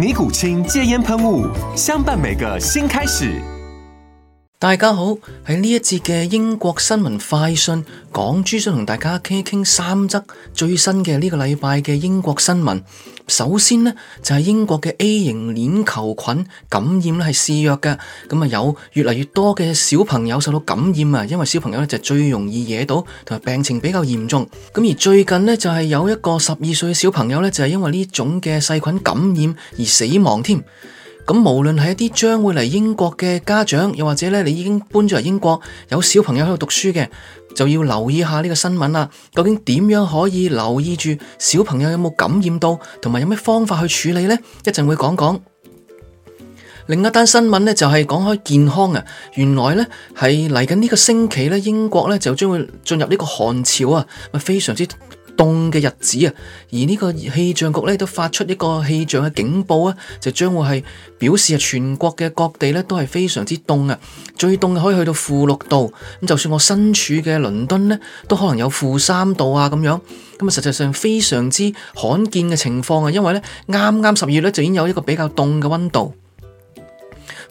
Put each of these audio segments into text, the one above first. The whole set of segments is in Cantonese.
尼古清戒煙噴霧，相伴每個新開始。大家好，喺呢一節嘅英國新聞快訊，港珠想同大家傾一傾三則最新嘅呢個禮拜嘅英國新聞。首先呢，就係、是、英國嘅 A 型鏈球菌感染咧，係肆虐嘅，咁啊有越嚟越多嘅小朋友受到感染啊，因為小朋友咧，就最容易惹到，同埋病情比較嚴重。咁而最近呢，就係有一個十二歲嘅小朋友咧，就係因為呢種嘅細菌感染而死亡添。咁無論係一啲將會嚟英國嘅家長，又或者咧你已經搬咗嚟英國有小朋友喺度讀書嘅，就要留意下呢個新聞啦。究竟點樣可以留意住小朋友有冇感染到，同埋有咩方法去處理呢？一陣會講講。另一單新聞呢，就係講開健康啊，原來呢，係嚟緊呢個星期呢，英國呢，就將會進入呢個寒潮啊，咪非常之凍嘅日子啊，而呢個氣象局咧都發出一個氣象嘅警報啊，就將會係表示啊全國嘅各地咧都係非常之凍啊，最凍可以去到負六度，咁就算我身處嘅倫敦咧，都可能有負三度啊咁樣，咁啊實際上非常之罕見嘅情況啊，因為咧啱啱十二月咧就已經有一個比較凍嘅溫度。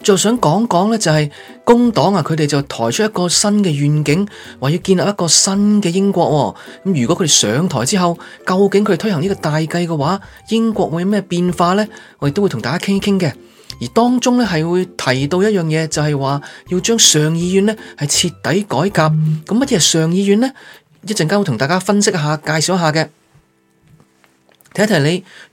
想說說就想講講咧，就係工黨啊，佢哋就抬出一個新嘅願景，話要建立一個新嘅英國。咁如果佢哋上台之後，究竟佢哋推行呢個大計嘅話，英國會有咩變化咧？我哋都會同大家傾一傾嘅。而當中咧係會提到一樣嘢，就係、是、話要將上議院咧係徹底改革。咁乜嘢係上議院咧？一陣間會同大家分析下、介紹下嘅。提提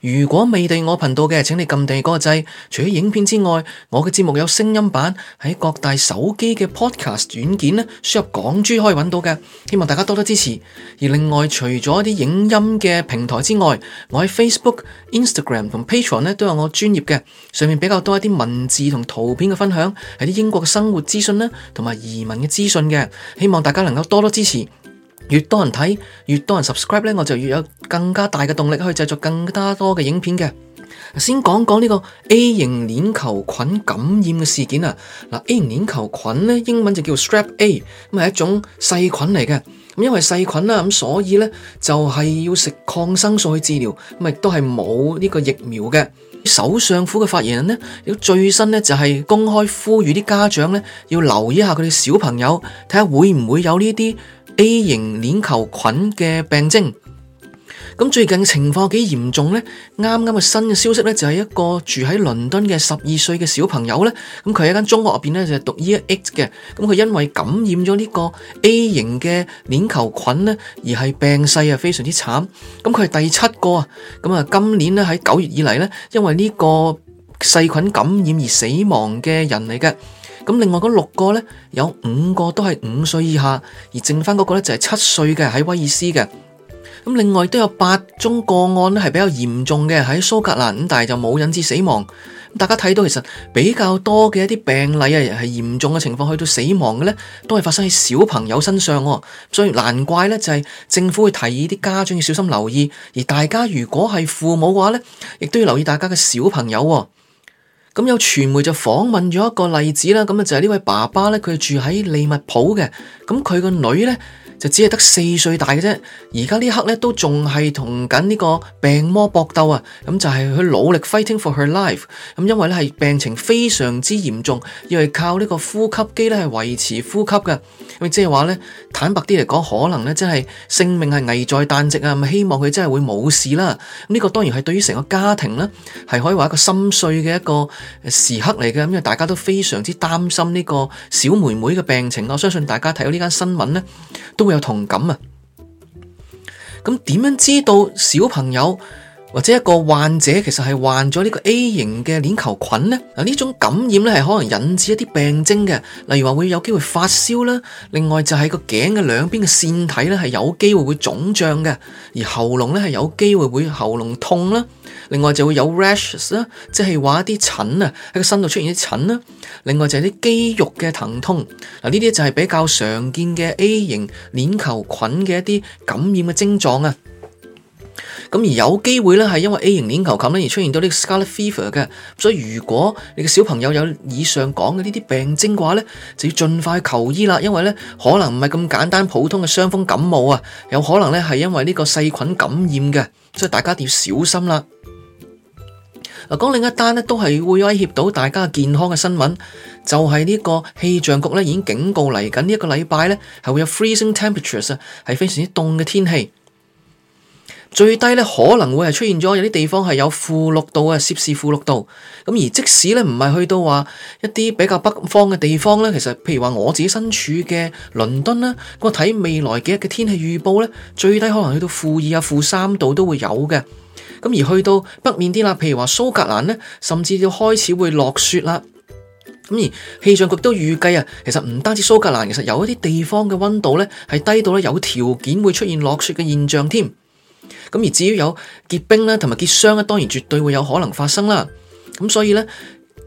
你，如果未訂我頻道嘅，請你撳地嗰個掣。除咗影片之外，我嘅節目有聲音版，喺各大手機嘅 Podcast 軟件咧，輸入港珠可以揾到嘅。希望大家多多支持。而另外，除咗一啲影音嘅平台之外，我喺 Facebook、Instagram 同 Patreon 咧，都有我專業嘅，上面比較多一啲文字同圖片嘅分享，係啲英國嘅生活資訊咧，同埋移民嘅資訊嘅。希望大家能夠多多支持。越多人睇，越多人 subscribe 咧，我就越有更加大嘅動力去製作更加多嘅影片嘅。先講講呢個 A 型鏈球菌感染嘅事件啊！嗱，A 型鏈球菌呢，英文就叫 Strep A，咁係一種細菌嚟嘅。咁因為細菌啦，咁所以呢就係要食抗生素去治療，咁亦都係冇呢個疫苗嘅。首相府嘅發言人呢，有最新呢就係公開呼籲啲家長呢，要留意一下佢哋小朋友，睇下會唔會有呢啲。A 型鏈球菌嘅病徵，咁最近情況幾嚴重呢？啱啱嘅新嘅消息呢，就係一個住喺倫敦嘅十二歲嘅小朋友呢。咁佢喺間中學入邊呢，就係讀 Year 8嘅，咁佢因為感染咗呢個 A 型嘅鏈球菌呢，而係病逝啊，非常之慘。咁佢係第七個，咁啊今年呢，喺九月以嚟呢，因為呢個細菌感染而死亡嘅人嚟嘅。咁另外嗰六個呢，有五個都係五歲以下，而剩翻嗰個呢，就係七歲嘅，喺威爾斯嘅。咁另外都有八宗個案呢，係比較嚴重嘅，喺蘇格蘭，咁但係就冇引致死亡。大家睇到其實比較多嘅一啲病例啊，係嚴重嘅情況去到死亡嘅呢，都係發生喺小朋友身上哦。所以難怪呢，就係政府會提議啲家長要小心留意，而大家如果係父母嘅話呢，亦都要留意大家嘅小朋友喎。咁有傳媒就訪問咗一個例子啦，咁就係呢位爸爸咧，佢住喺利物浦嘅，咁佢個女咧，就只係得四歲大嘅啫，而家呢刻咧都仲係同緊呢個病魔搏鬥啊！咁、嗯、就係、是、佢努力 fighting for her life、嗯。咁因為咧係病情非常之嚴重，要係靠呢個呼吸機咧係維持呼吸嘅。咁即係話咧，坦白啲嚟講，可能咧真係性命係危在旦夕啊！咁、嗯、希望佢真係會冇事啦。咁、嗯、呢、這個當然係對於成個家庭咧，係可以話一個心碎嘅一個時刻嚟嘅。咁、嗯、因為大家都非常之擔心呢個小妹妹嘅病情。我相信大家睇到呢間新聞咧，都。有同感啊！咁點樣知道小朋友？或者一個患者其實係患咗呢個 A 型嘅鏈球菌呢。嗱，呢種感染呢，係可能引致一啲病徵嘅，例如話會有機會發燒啦，另外就係個頸嘅兩邊嘅腺體呢，係有機會會腫脹嘅，而喉嚨呢，係有機會會喉嚨痛啦，另外就會有 rashes 啦，即係話一啲疹啊喺個身度出現啲疹啦，另外就係啲肌肉嘅疼痛，嗱，呢啲就係比較常見嘅 A 型鏈球菌嘅一啲感染嘅症狀啊。咁而有機會咧，係因為 A 型鏈球菌咧而出現到呢個 Scarlet Fever 嘅，所以如果你嘅小朋友有以上講嘅呢啲病徵嘅話咧，就要盡快求醫啦，因為咧可能唔係咁簡單普通嘅傷風感冒啊，有可能咧係因為呢個細菌感染嘅，所以大家一定要小心啦。講另一單咧，都係會威脅到大家健康嘅新聞，就係呢個氣象局咧已經警告嚟緊呢一個禮拜咧係會有 Freezing Temperatures 啊，係非常之凍嘅天氣。最低呢，可能會係出現咗有啲地方係有負六度啊，攝氏負六度。咁而即使呢唔係去到話一啲比較北方嘅地方呢，其實譬如話我自己身處嘅倫敦啦，我睇未來幾日嘅天氣預報呢，最低可能去到負二啊、負三度都會有嘅。咁而去到北面啲啦，譬如話蘇格蘭呢，甚至要開始會落雪啦。咁而氣象局都預計啊，其實唔單止蘇格蘭，其實有一啲地方嘅溫度呢係低到呢有條件會出現落雪嘅現象添。咁而至於有結冰咧，同埋結霜咧，當然絕對會有可能發生啦。咁所以咧，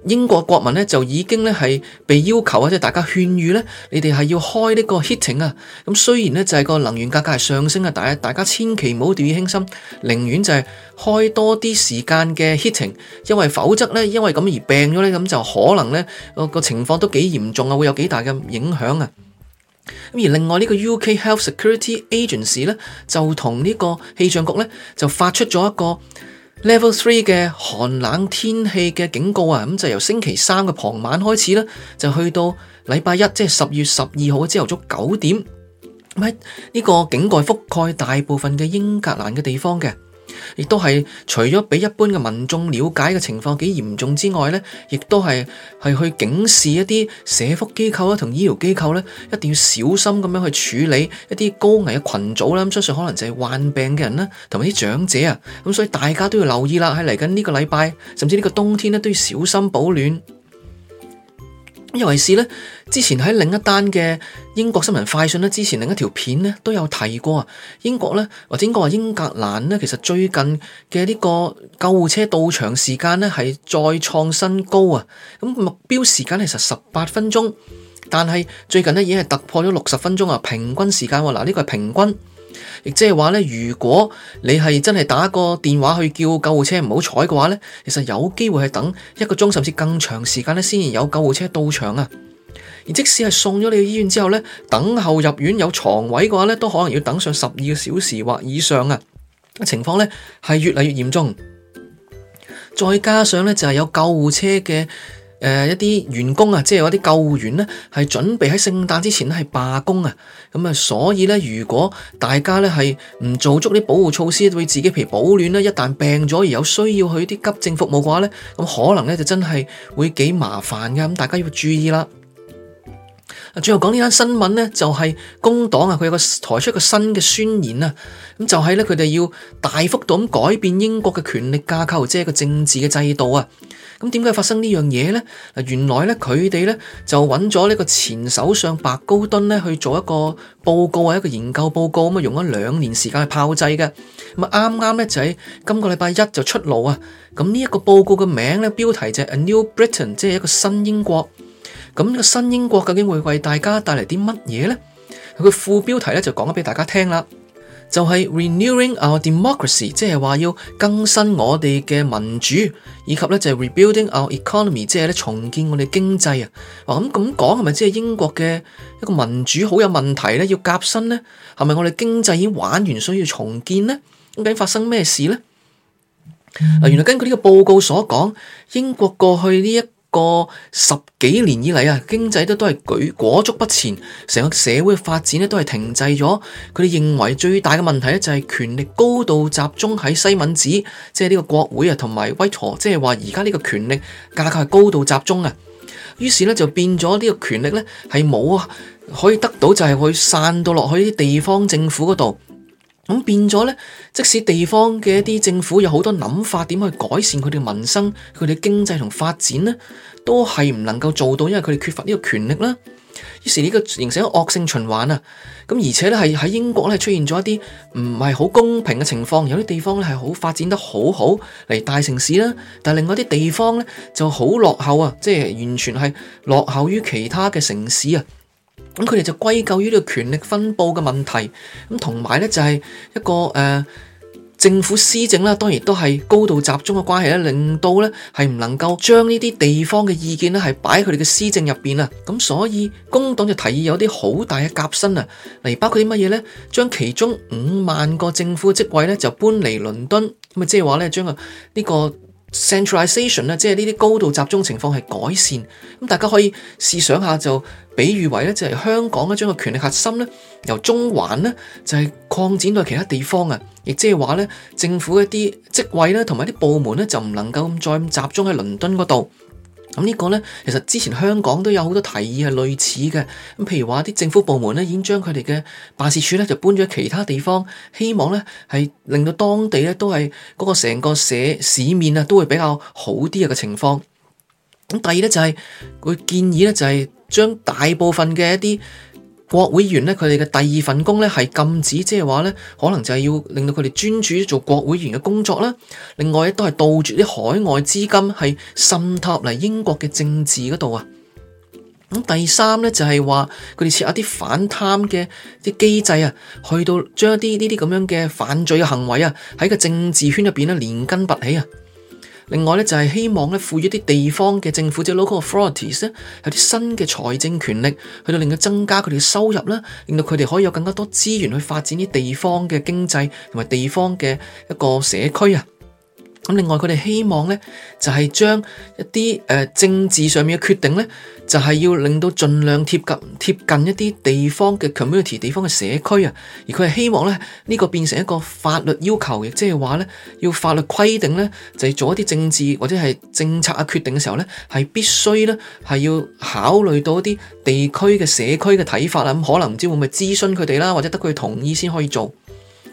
英國國民咧就已經咧係被要求或者、即係、大家勸喻咧，你哋係要開呢個 heating 啊。咁雖然咧就係個能源價格係上升啊，但係大家千祈唔好掉以輕心，寧願就係開多啲時間嘅 heating，因為否則咧，因為咁而病咗咧，咁就可能咧個個情況都幾嚴重啊，會有幾大嘅影響啊。而另外呢，這個 UK Health Security Agency 呢，就同呢個氣象局呢，就發出咗一個 Level Three 嘅寒冷天氣嘅警告啊！咁、嗯、就由星期三嘅傍晚開始啦，就去到禮拜一，即係十月十二號嘅朝頭早九點，呢個警告覆蓋大部分嘅英格蘭嘅地方嘅。亦都係除咗俾一般嘅民眾了解嘅情況幾嚴重之外咧，亦都係係去警示一啲社福機構啦同醫療機構咧，一定要小心咁樣去處理一啲高危嘅群組啦。咁相信可能就係患病嘅人啦，同埋啲長者啊，咁所以大家都要留意啦。喺嚟緊呢個禮拜，甚至呢個冬天咧，都要小心保暖。尤其是咧，之前喺另一單嘅英國新聞快訊咧，之前另一條片咧都有提過啊。英國咧，或者英國啊，應該話英格蘭咧，其實最近嘅呢個救護車到場時間咧係再創新高啊。咁目標時間其實十八分鐘，但係最近咧已經係突破咗六十分鐘啊，平均時間喎。嗱，呢個係平均。亦即係話咧，如果你係真係打個電話去叫救護車，唔好彩嘅話咧，其實有機會係等一個鐘甚至更長時間咧，先有救護車到場啊！而即使係送咗你去醫院之後咧，等候入院有床位嘅話咧，都可能要等上十二個小時或以上啊！情況咧係越嚟越嚴重，再加上咧就係有救護車嘅。誒、呃，一啲員工啊，即係有啲救護員咧，係準備喺聖誕之前咧，係罷工啊，咁啊，所以咧，如果大家咧係唔做足啲保護措施，對自己譬如保暖啦。一旦病咗而有需要去啲急症服務嘅話咧，咁可能咧就真係會幾麻煩嘅，咁大家要注意啦。最後講呢單新聞咧，就係、是、工黨啊，佢有個台出個新嘅宣言啊，咁就係咧，佢哋要大幅度咁改變英國嘅權力架構，即係個政治嘅制度啊。咁點解發生呢樣嘢咧？嗱，原來咧佢哋咧就揾咗呢個前首相白高敦咧去做一個報告啊，一個研究報告咁啊，用咗兩年時間去炮製嘅。咁啊，啱啱咧就喺今個禮拜一就出爐啊。咁呢一個報告嘅名咧標題就係 A New Britain，即係一個新英國。咁呢個新英國究竟會為大家帶嚟啲乜嘢咧？佢副標題咧就講咗俾大家聽啦。就係 renewing our democracy，即係話要更新我哋嘅民主，以及呢就係 rebuilding our economy，即係呢重建我哋經濟啊。咁咁講係咪即係英國嘅一個民主好有問題呢？要革新呢？係咪我哋經濟已經玩完，所以要重建呢？究竟發生咩事呢？嗱、嗯，原來根據呢個報告所講，英國過去呢一過十幾年以嚟啊，經濟都都係舉裹足不前，成個社會發展都係停滯咗。佢哋認為最大嘅問題就係權力高度集中喺西敏寺，即係呢個國會啊，同埋威陀，即係話而家呢個權力架構係高度集中啊。於是咧就變咗呢個權力咧係冇啊，可以得到就係會散到落去啲地方政府嗰度。咁變咗咧，即使地方嘅一啲政府有好多諗法，點去改善佢哋民生、佢哋經濟同發展咧，都係唔能夠做到，因為佢哋缺乏呢個權力啦。於是呢個形成一個惡性循環啊！咁而且咧係喺英國咧出現咗一啲唔係好公平嘅情況，有啲地方咧係好發展得好好嚟，大城市啦，但係另外啲地方咧就好落後啊，即係完全係落後於其他嘅城市啊！咁佢哋就歸咎於呢個權力分佈嘅問題，咁同埋咧就係一個誒、呃、政府施政啦，當然都係高度集中嘅關係咧，令到咧係唔能夠將呢啲地方嘅意見咧係擺喺佢哋嘅施政入邊啊。咁所以工黨就提議有啲好大嘅革新啊，嚟包括啲乜嘢咧？將其中五萬個政府職位咧就搬離倫敦咁啊，即係話咧將啊、這、呢個。Centralization，即係呢啲高度集中情況係改善。咁大家可以試想下，就比喻為咧，就係香港咧將個權力核心咧由中環咧就係擴展到其他地方啊。亦即係話咧，政府一啲職位咧同埋啲部門咧就唔能夠再咁集中喺倫敦嗰度。咁呢個呢，其實之前香港都有好多提議係類似嘅，咁譬如話啲政府部門呢，已經將佢哋嘅辦事處呢就搬咗其他地方，希望呢係令到當地呢都係嗰個成個社市面啊都會比較好啲嘅個情況。咁第二呢，就係、是、佢建議呢，就係、是、將大部分嘅一啲。國會員呢，佢哋嘅第二份工呢，係禁止，即係話呢，可能就係要令到佢哋專注於做國會員嘅工作啦。另外都係杜絕啲海外資金係滲透嚟英國嘅政治嗰度啊。咁第三呢，就係話佢哋設一啲反貪嘅啲機制啊，去到將一啲呢啲咁樣嘅犯罪嘅行為啊，喺個政治圈入邊咧連根拔起啊。另外呢就係、是、希望呢賦予一啲地方嘅政府即係 local authorities 呢有啲新嘅財政權力，去到令佢增加佢哋嘅收入呢令到佢哋可以有更加多資源去發展啲地方嘅經濟同埋地方嘅一個社區啊。咁另外佢哋希望咧，就係將一啲誒政治上面嘅決定咧，就係要令到盡量貼及貼近一啲地方嘅 community 地方嘅社區啊，而佢係希望咧咧呢個變成一個法律要求嘅，即係話咧要法律規定咧就係做一啲政治或者係政策嘅決定嘅時候咧，係必須咧係要考慮到一啲地區嘅社區嘅睇法啦，咁可能唔知會唔會諮詢佢哋啦，或者得佢同意先可以做。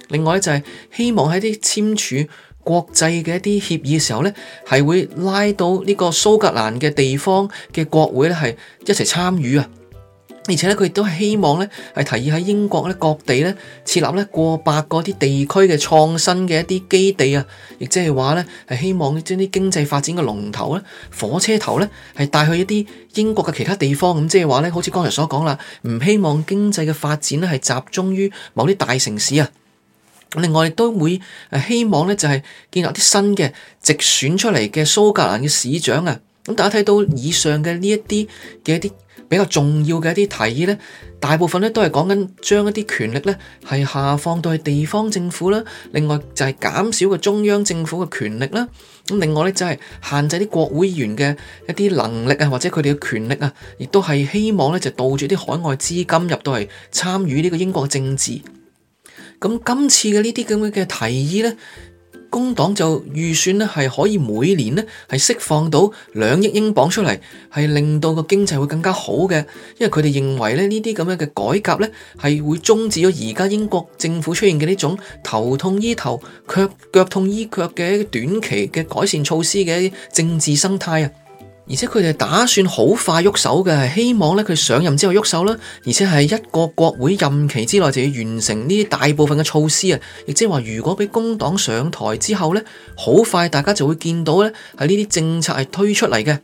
另外咧就係希望喺啲簽署國際嘅一啲協議嘅時候呢，係會拉到呢個蘇格蘭嘅地方嘅國會呢，係一齊參與啊！而且呢，佢亦都係希望呢，係提議喺英國呢各地呢，設立呢過百個啲地區嘅創新嘅一啲基地啊！亦即係話呢，係希望將啲經濟發展嘅龍頭呢、火車頭呢，係帶去一啲英國嘅其他地方咁，即係話呢，好似剛才所講啦，唔希望經濟嘅發展呢，係集中於某啲大城市啊！另外亦都會誒希望咧，就係建立啲新嘅直選出嚟嘅蘇格蘭嘅市長啊！咁大家睇到以上嘅呢一啲嘅一啲比較重要嘅一啲提議咧，大部分咧都係講緊將一啲權力咧係下放到去地方政府啦。另外就係減少個中央政府嘅權力啦。咁另外咧就係限制啲國會議員嘅一啲能力啊，或者佢哋嘅權力啊，亦都係希望咧就導住啲海外資金入到嚟參與呢個英國政治。咁今次嘅呢啲咁樣嘅提議咧，工黨就預算咧係可以每年咧係釋放到兩億英鎊出嚟，係令到個經濟會更加好嘅，因為佢哋認為咧呢啲咁樣嘅改革咧係會終止咗而家英國政府出現嘅呢種頭痛醫頭、腳腳痛醫腳嘅短期嘅改善措施嘅政治生態啊。而且佢哋打算好快喐手嘅，係希望咧佢上任之後喐手啦，而且係一個國會任期之內就要完成呢啲大部分嘅措施啊。亦即係話如果俾工黨上台之後呢，好快大家就會見到呢，係呢啲政策係推出嚟嘅。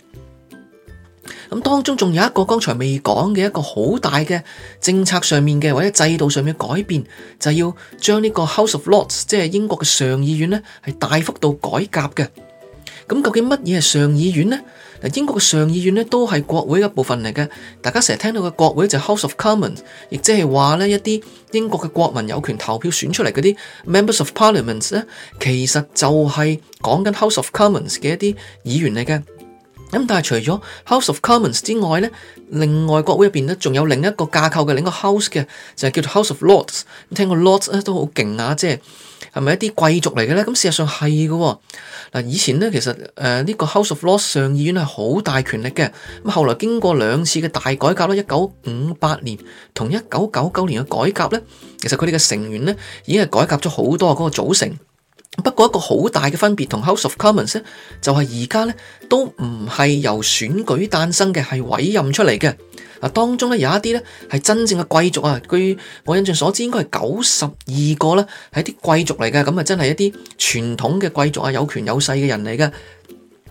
咁當中仲有一個剛才未講嘅一個好大嘅政策上面嘅或者制度上面嘅改變，就要將呢個 House of Lords，即係英國嘅上議院呢，係大幅度改革嘅。咁究竟乜嘢係上議院呢？英國嘅上議院咧都係國會嘅一部分嚟嘅，大家成日聽到嘅國會就係 House of Commons，亦即係話呢一啲英國嘅國民有權投票選出嚟嗰啲 Members of Parliament 咧，其實就係講緊 House of Commons 嘅一啲議員嚟嘅。咁但係除咗 House of Commons 之外咧，另外國會入邊咧，仲有另一個架構嘅另一個 House 嘅，就係叫做 House of Lords。咁聽個 Lords 咧都好勁啊，即係係咪一啲貴族嚟嘅咧？咁事實上係嘅。嗱，以前咧其實誒呢個 House of Lords 上議院係好大權力嘅。咁後來經過兩次嘅大改革咯，一九五八年同一九九九年嘅改革咧，其實佢哋嘅成員咧已經係改革咗好多嗰個組成。不過一個好大嘅分別同 House of Commons 咧，就係而家咧都唔係由選舉誕生嘅，係委任出嚟嘅。嗱，當中咧有一啲咧係真正嘅貴族啊，據我印象所知應該係九十二個啦，係啲貴族嚟嘅。咁啊，真係一啲傳統嘅貴族啊，有權有勢嘅人嚟嘅。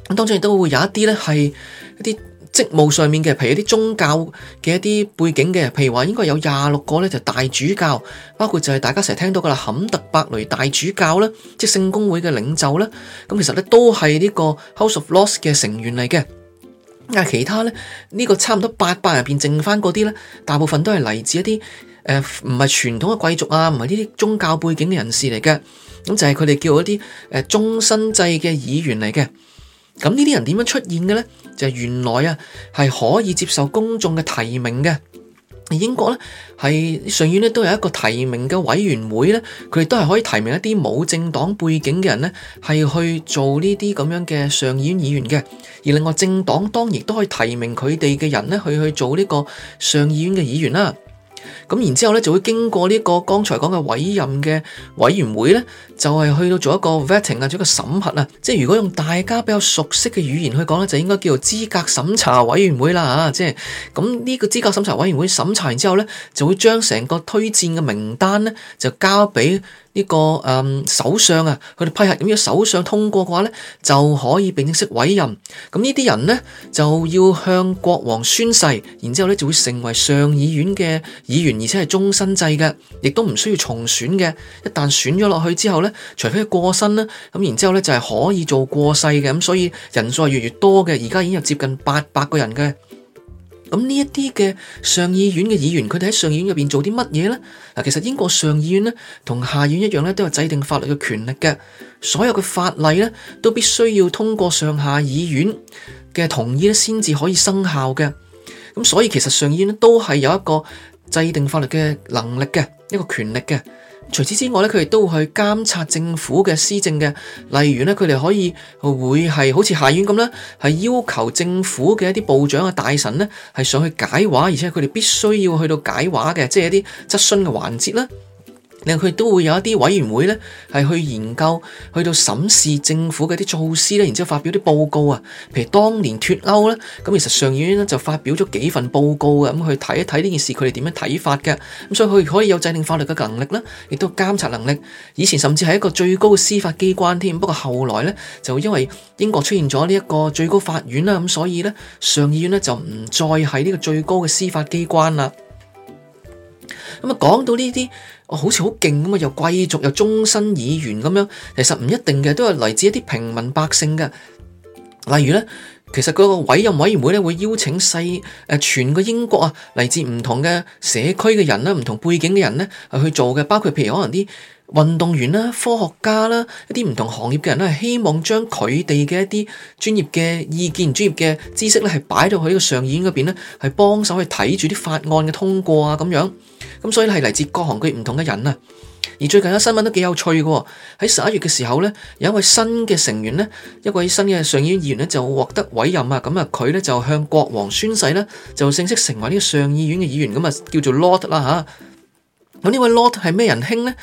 咁當中亦都會有一啲咧係一啲，職務上面嘅，譬如一啲宗教嘅一啲背景嘅，譬如話應該有廿六個咧，就大主教，包括就係大家成日聽到噶啦，坎特伯雷大主教啦，即係聖公會嘅領袖啦。咁其實咧都係呢個 House of Lords 嘅成員嚟嘅。咁啊，其他咧呢、呢個差唔多八百人入邊剩翻嗰啲咧，大部分都係嚟自一啲誒唔係傳統嘅貴族啊，唔係呢啲宗教背景嘅人士嚟嘅，咁就係佢哋叫一啲誒終身制嘅議員嚟嘅。咁呢啲人點樣出現嘅咧？就係、是、原來啊，係可以接受公眾嘅提名嘅。英國咧，係上院咧，都有一個提名嘅委員會咧，佢哋都係可以提名一啲冇政黨背景嘅人咧，係去做呢啲咁樣嘅上議院議員嘅。而另外政黨當然亦都可以提名佢哋嘅人咧，去去做呢個上議院嘅議員啦。咁然之後咧，就會經過呢個剛才講嘅委任嘅委員會咧，就係、是、去到做一個 vetting 啊，做一個審核啊。即係如果用大家比較熟悉嘅語言去講咧，就應該叫做資格審查委員會啦啊！即係咁呢個資格審查委員會審查完之後咧，就會將成個推薦嘅名單咧，就交俾，呢、這個誒首相啊，佢、呃、哋批核，咁樣首相通過嘅話咧，就可以被正式委任。咁呢啲人咧，就要向國王宣誓，然之後咧就會成為上議院嘅議員，而且係終身制嘅，亦都唔需要重選嘅。一旦選咗落去之後咧，除非係過身啦，咁然之後咧就係可以做過世嘅。咁所以人數係越越多嘅，而家已經有接近八百個人嘅。咁呢一啲嘅上議院嘅議員，佢哋喺上議院入邊做啲乜嘢咧？嗱，其實英國上議院咧，同下議院一樣咧，都有制定法律嘅權力嘅。所有嘅法例咧，都必須要通過上下議院嘅同意咧，先至可以生效嘅。咁所以其實上議院都係有一個制定法律嘅能力嘅一個權力嘅，除此之外咧，佢哋都去監察政府嘅施政嘅。例如咧，佢哋可以會係好似下院咁咧，係要求政府嘅一啲部長啊、大臣咧，係上去解話，而且佢哋必須要去到解話嘅，即係一啲質詢嘅環節啦。令佢都會有一啲委員會呢，係去研究，去到審視政府嘅啲措施咧，然之後發表啲報告啊。譬如當年脫歐咧，咁其實上議院呢，就發表咗幾份報告啊，咁去睇一睇呢件事佢哋點樣睇法嘅。咁所以佢可以有制定法律嘅能力啦，亦都有監察能力。以前甚至係一個最高嘅司法機關添。不過後來呢，就因為英國出現咗呢一個最高法院啦，咁所以呢，上議院呢，就唔再係呢個最高嘅司法機關啦。咁啊，講到呢啲。哦，好似好勁咁啊！又貴族，又終身議員咁樣，其實唔一定嘅，都係嚟自一啲平民百姓嘅。例如咧，其實個委任委員會咧會邀請細誒、呃、全個英國啊，嚟自唔同嘅社區嘅人啦，唔同背景嘅人咧去做嘅，包括譬如可能啲，運動員啦，科學家啦，一啲唔同行業嘅人咧，係希望將佢哋嘅一啲專業嘅意見、專業嘅知識咧，係擺到去呢個上議院嗰邊咧，係幫手去睇住啲法案嘅通過啊，咁樣咁，所以係嚟自各行各業唔同嘅人啊。而最近嘅新聞都幾有趣嘅喎。喺十一月嘅時候咧，有一位新嘅成員咧，一位新嘅上議院議員咧就獲得委任啊。咁啊，佢咧就向國王宣誓咧，就正式成為呢個上議院嘅議員咁啊，叫做 Lord 啦嚇。咁呢位 Lord 係咩人兄咧？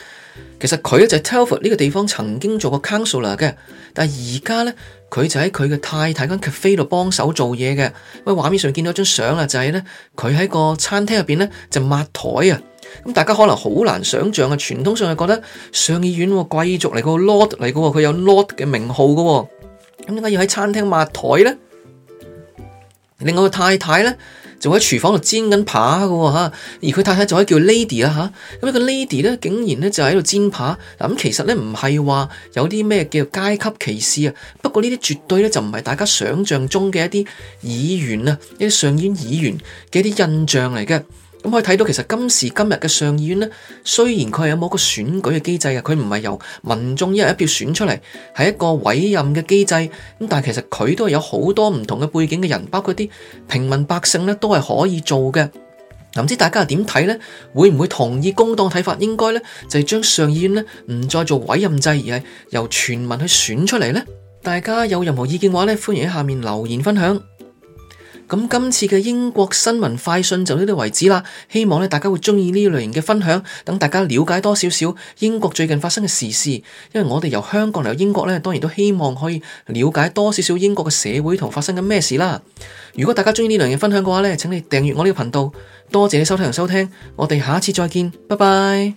其實佢咧就係 Telford 呢個地方曾經做過 counselor 嘅，但係而家咧佢就喺佢嘅太太間 cafe 度幫手做嘢嘅。喂，畫面上見到張相啦，就喺咧佢喺個餐廳入邊咧就抹台啊。咁大家可能好難想象啊，傳統上係覺得上議院個貴族嚟個 l o t 嚟嘅，佢有 l o t 嘅名號嘅喎。咁點解要喺餐廳抹台咧？另外個太太咧。就喺廚房度煎緊扒嘅喎，而佢太太就喺度叫 lady 啦、啊、嚇，咁呢個 lady 咧，竟然咧就喺度煎扒咁、啊，其實咧唔係話有啲咩叫做階級歧視啊，不過呢啲絕對咧就唔係大家想象中嘅一啲議員啊，一啲上議院議員嘅一啲印象嚟嘅。咁可以睇到，其實今時今日嘅上議院呢，雖然佢係有冇個選舉嘅機制啊，佢唔係由民眾一人一票選出嚟，係一個委任嘅機制。但其實佢都有好多唔同嘅背景嘅人，包括啲平民百姓呢，都係可以做嘅。咁唔知大家係點睇呢？會唔會同意工黨嘅睇法？應該呢，就係將上議院呢唔再做委任制，而係由全民去選出嚟呢？大家有任何意見嘅話呢，歡迎喺下面留言分享。咁今次嘅英國新聞快訊就到呢度為止啦，希望大家會中意呢類型嘅分享，等大家了解多少少英國最近發生嘅時事。因為我哋由香港嚟到英國呢，當然都希望可以了解多少少英國嘅社會同發生緊咩事啦。如果大家中意呢類型嘅分享嘅話呢，請你訂閱我呢個頻道。多謝你收睇同收聽，我哋下次再見，拜拜。